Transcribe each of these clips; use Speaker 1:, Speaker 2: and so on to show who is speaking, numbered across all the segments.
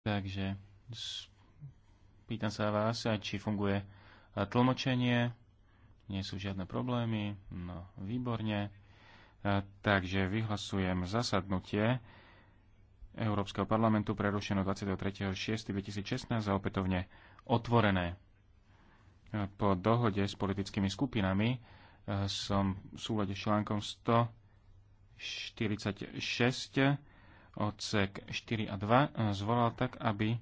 Speaker 1: Takže pýtam sa vás, či funguje eh, tlmočenie. Nie sú žiadne problémy. No, výborne. Eh, takže vyhlasujem zasadnutie Európskeho parlamentu prerušeno 23.6.2016 a opätovne otvorené. Eh, po dohode s politickými skupinami som v súlade s článkom 146 odsek 4 a 2 e, zvolal tak, aby e,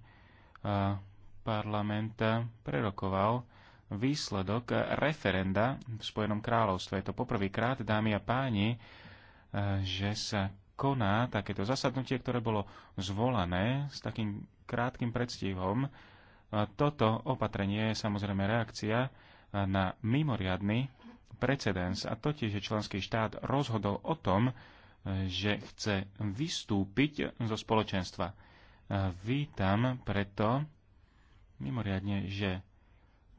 Speaker 1: parlament prerokoval výsledok referenda v Spojenom kráľovstve. Je to poprvýkrát, dámy a páni, e, že sa koná takéto zasadnutie, ktoré bolo zvolané s takým krátkým predstihom. Toto opatrenie je samozrejme reakcia na mimoriadny precedens a totiž, že členský štát rozhodol o tom, že chce vystúpiť zo spoločenstva. E, vítam preto mimoriadne, že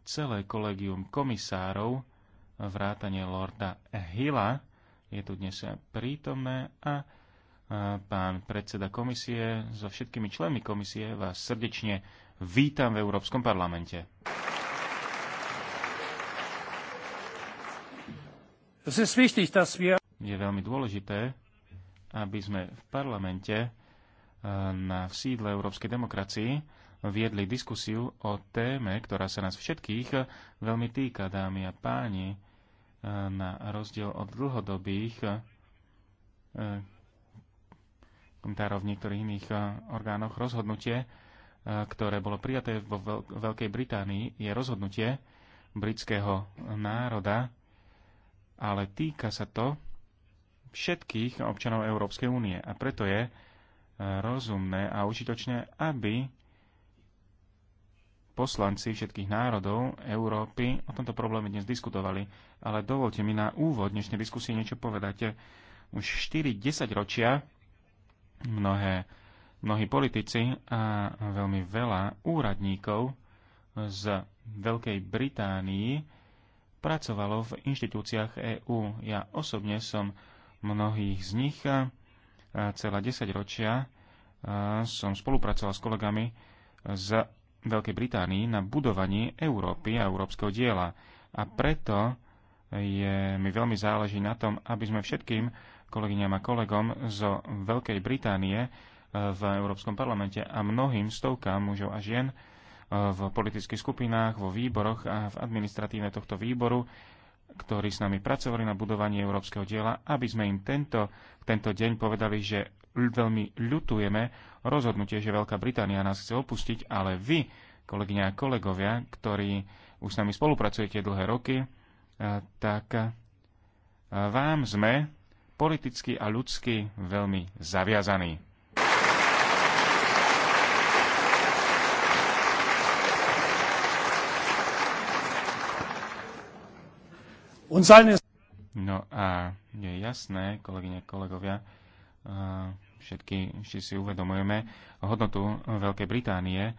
Speaker 1: celé kolegium komisárov vrátane Lorda Hilla je tu dnes prítomné a e, pán predseda komisie so všetkými členmi komisie vás srdečne vítam v Európskom parlamente. Je veľmi dôležité, aby sme v parlamente eh, na sídle Európskej demokracii viedli diskusiu o téme, ktorá sa nás všetkých eh, veľmi týka, dámy a páni, eh, na rozdiel od dlhodobých komentárov v niektorých iných orgánoch rozhodnutie, ktoré bolo prijaté vo Veľkej Británii, je rozhodnutie britského národa, ale týka sa to všetkých občanov Európskej únie. A preto je eh, rozumné a užitočné, aby poslanci všetkých národov Európy o tomto probléme dnes diskutovali. Ale dovolte mi na úvod dnešnej diskusie niečo povedať. Už 4-10 ročia mnohé, mnohí politici a veľmi veľa úradníkov z Veľkej Británii pracovalo v inštitúciách EÚ. Ja osobne som mnohých z nich. Celé 10 ročia som spolupracoval s kolegami z Veľkej Británii na budovaní Európy a európskeho diela. A preto je, mi veľmi záleží na tom, aby sme všetkým kolegyňam a kolegom zo Veľkej Británie e, v Európskom parlamente a mnohým stovkám mužov a žien e, v politických skupinách, vo výboroch a v administratíve tohto výboru ktorí s nami pracovali na budovaní európskeho diela, aby sme im tento, tento deň povedali, že veľmi ľutujeme rozhodnutie, že Veľká Británia nás chce opustiť, ale vy, kolegyňa a kolegovia, ktorí už s nami spolupracujete dlhé roky, e, tak e, vám sme politicky a ľudsky veľmi zaviazaní. No a je jasné, kolegyne, kolegovia, všetky všetci si uvedomujeme hodnotu Veľkej Británie,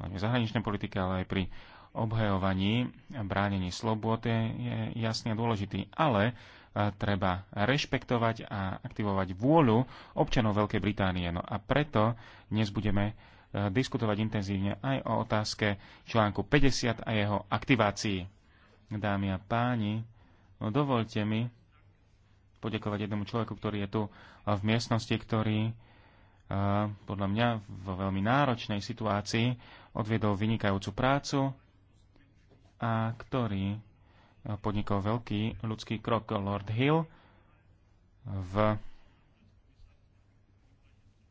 Speaker 1: v zahraničnej politike, ale aj pri obhajovaní a bránení slobody je, je jasný a dôležitý, ale treba rešpektovať a aktivovať vôľu občanov Veľkej Británie. No a preto dnes budeme diskutovať intenzívne aj o otázke článku 50 a jeho aktivácii dámy a páni, no dovolte mi poďakovať jednému človeku, ktorý je tu v miestnosti, ktorý podľa mňa vo veľmi náročnej situácii odviedol vynikajúcu prácu a ktorý podnikol veľký ľudský krok Lord Hill v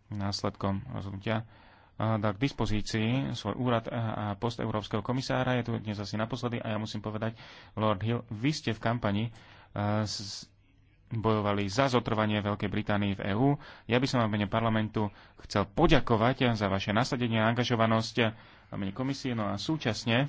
Speaker 1: následkom rozhodnutia dá k dispozícii svoj úrad a post Európskeho komisára. Je tu dnes asi naposledy a ja musím povedať, Lord Hill, vy ste v kampani e, bojovali za zotrvanie Veľkej Británii v EÚ. Ja by som vám mene parlamentu chcel poďakovať za vaše nasadenie a angažovanosť a mene komisie, no a súčasne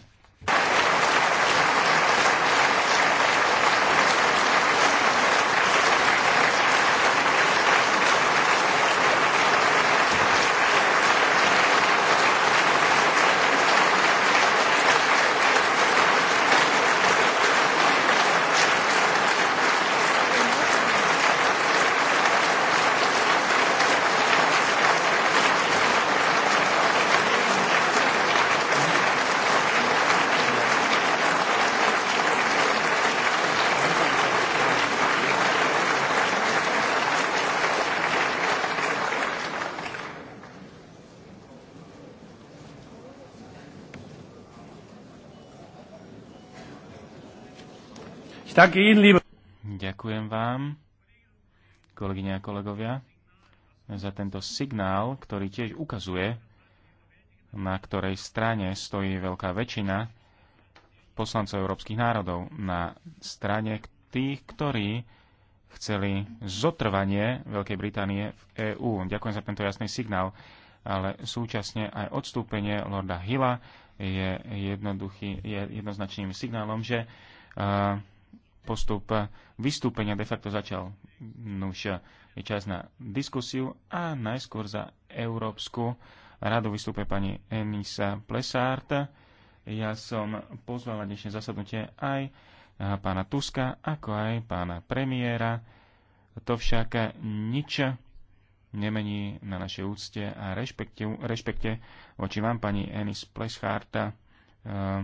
Speaker 1: Ďakujem vám, kolegyne a kolegovia, za tento signál, ktorý tiež ukazuje, na ktorej strane stojí veľká väčšina poslancov európskych národov. Na strane tých, ktorí chceli zotrvanie Veľkej Británie v EÚ. Ďakujem za tento jasný signál, ale súčasne aj odstúpenie Lorda Hilla je, je jednoznačným signálom, že uh, postup vystúpenia de facto začal. Už je čas na diskusiu a najskôr za Európsku radu vystúpe pani Emisa Plesárt. Ja som pozval na dnešné zasadnutie aj pána Tuska, ako aj pána premiéra. To však nič nemení na našej úcte a rešpekte, rešpekte voči vám, pani Enis Pleschárta.